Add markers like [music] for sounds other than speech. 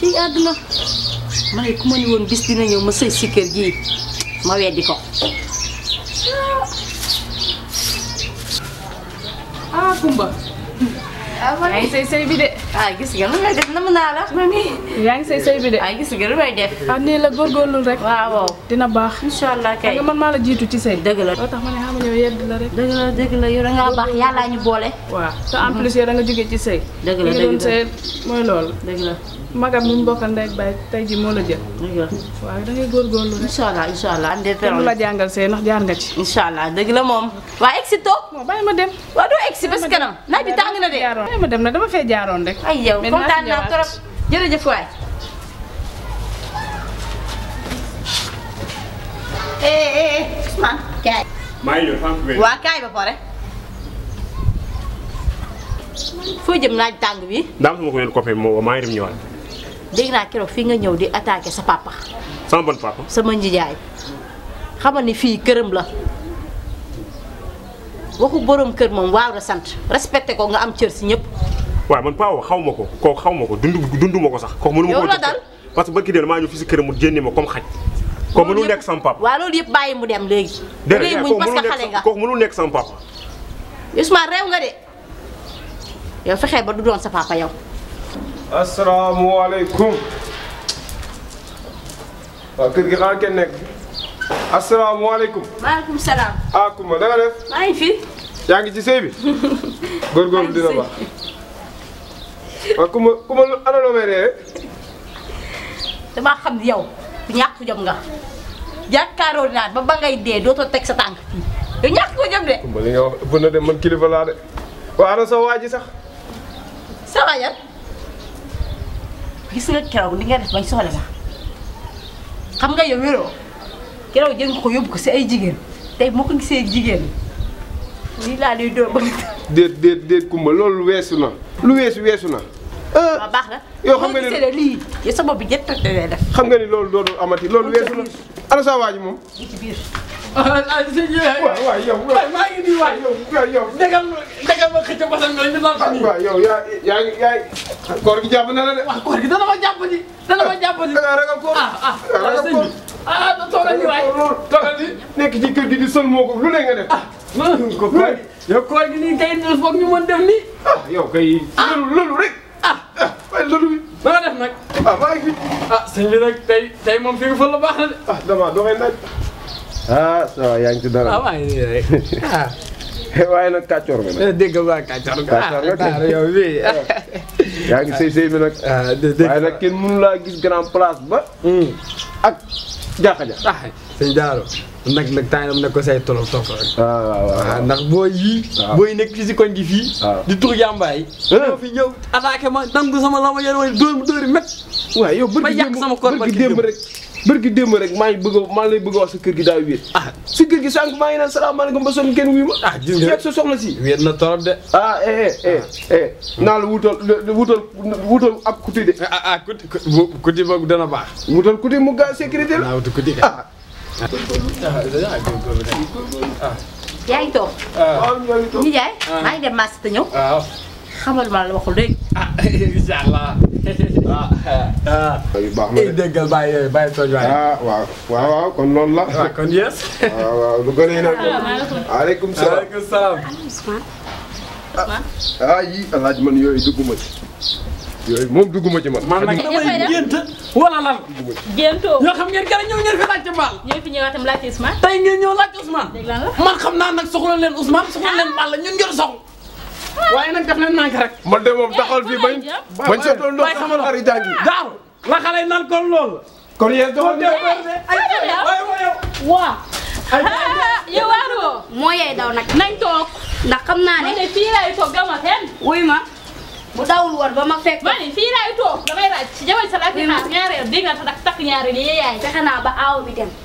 ci àdduna ma ne ku ma woon bis dina ñëw ma sëy si kër ma weddi ko ah, Kumba yaa ngi say sëy bi de. ah gis nga na mu naa la ma nii. yaa ngi say sëy bi de. ah gis nga ah, lu may def. Oh, ah nii la góorgóorlu rek. waaw dina baax. incha allah kay man maa la jiitu ci sëy. dëgg la loo tax ma ne xam nga yow yedd la rek. dëgg la dëgg la yow da baax yàlla ñu boole. waa te en plus yow da nga jógee ci sëy. dëgg la dëgg la li nga mooy loolu dëgg la. magam mi mu bokkal ndey ak baay tey ji moo la jël. waaw da ngay góorgóorlu rek. incha allah incha allah. am la see ndax jaar nga ci. incha la moom. waa egsi toog. waaw bàyyi ma dem. waaw doo egsi ba si kanam. naaj bi tàng na de. bàyyi ma dem na dama fee jaaroon rek. ay yow kontaan naa trop jërëjëf eh, eh, eh, foo jëm naaj tàng bi. daam sama ko yónni ko fi maa ngi dem ñëwaat. dégg naa keroog fii nga ñëw di attaqué sa pàppa sama bon papa. sama njijaay xamal ni fii këram la waxu borom kër moom waaw la sant respecté ko nga am cër si ñëpp. waaw man Pao xaw ma ko kooku xaw ma ko dund dundu ma ko sax. kooku mënu ma ko parce que barki si këram mu jénni ma comme xaj. kooku mënul nekk sama papa waaw loolu yëpp bàyyi mu dem léegi. léegi muñ parce que xale mënul nekk sama papa. Ousmane réew nga de yow fexee ba du doon sa papa yow. asalaamaaleykum waaw kër gi xanaa kenn nekk asalaamaaleykum. maaleykum salaam. ah Kumba da nga maa ngi fi. yaa ngi ci sëy bi. dina baax. waaw Kumba ana loo may reere. damaa xam yow bu ñàkk jom nga jàkkaaroo naa ba ba ngay dee dootoo teg sa tànk fii yow ñàkk ko jom de. Kumba li nga wax de man kilifa laa de waaw ana sa waa ji sa waajal. gis nga keroog li nga def bañ soxla ma xam nga yow wéroo keroog jël ko yóbbu ko si ay jigéen tey moo ko gisee jigéen lii laa lay doo bëgg. déet déet déet kumba loolu weesu na lu weesu weesu na. waaw baax na yow xam nga ni lii lii yow sa bopp bi jëtt lay def. xam nga ni loolu dootul amati loolu weesu na. ana sa moom. ngi yow. waaw maa ngi nii Ah, koor gi jàpp na la de. waaw koor gi dana ma jàpp ni dana ma jàpp ni. Eh, ragal koor ah ah. Eh, ah, ah ragal koor ah toogal ni waay toogal ni nekk ci kër gi di sol moo ko lu ne nga def. ah ko koor gi yow koor gi nii kay foog ñu mën def nii. ah yow kay. ah loolu loolu rek. ah ah waaye loolu bi. ba nga def nag. ah maa ngi fi. ah sëñ bi nag tey tey moom fi nga fa la baax na de. ah damaa doxee naaj. ah ça va yaa ngi ci dara. ah waaye rek ah. [laughs] waaye nag kàccoor nga nag. Eh, dégg nga waaye kàccoor nga. kàccoor nga yow bii. [laughs] yaa ngi sëy sëy bi ah, kenn mënu laa gis grand place ba. Hmm. ak jaaxa ja. ah sëñ Daaro nag nag temps yii nag ko say tolof topp rek. Ah, waaw waaw ah, ndax booy booy nekk fii si koñ gi fii. di tur jàmbaay. Eh. ñoo fi ñëw attaqué ma nangu sama la ma yore woon dóor mu dóori métti. waaw yow bërki démb sama koor bërki démb rek bërki démb rek maa ngi bëgg maa lay bëgg wax sa kër gi daa wéet ah si kër gi sànq maa ngi naan salaamaaleykum ba sonn ah gis nga sa soxna si wéet na ah eh eh eh eh la wutal wutal wutal ab kuti de ah ah kuti kuti boobu dana baax wutal kuti mu gaa sécurité la wutal kuti ah. ah yaa ngi toog ñu ah. ini maa ngi dem kamu te ñëw ah. xamal ma [laughs] allah ah ah. Eh. yu baax na de déggal bàyyi bàyyi tooñ waaye. ah waaw waaw waaw kon loolu la. waaw ah, kon yes. waaw ah, waaw lu gën a yéen a. waaleykum salaam waaleykum salaam. ah ah yii alaaj man yooyu dugguma ci. yooyu moom dugguma ci man. man nag damay gént wala lan. géntoo ñoo xam ngeen gërëm ñëw ngeen fi laajte Mbaal. ñoo fi ñëwaat tam laajte Ousmane. tey ngeen ñëw laajte Ousmane. man xam naa nag soxla leen Ousmane soxla ah. leen Mbaal la ñun ngeen soxla. waaye nag def leen nànk rek. man de moom taxawal fii bañ. Eh, bañ seetloo ndox xamal nañ toog. ndax xam naa ne man fii laay toog dama kenn. ma bu dawul woon ba ma fekk. damay ci sa ya, di nga yaay. ba bi dem.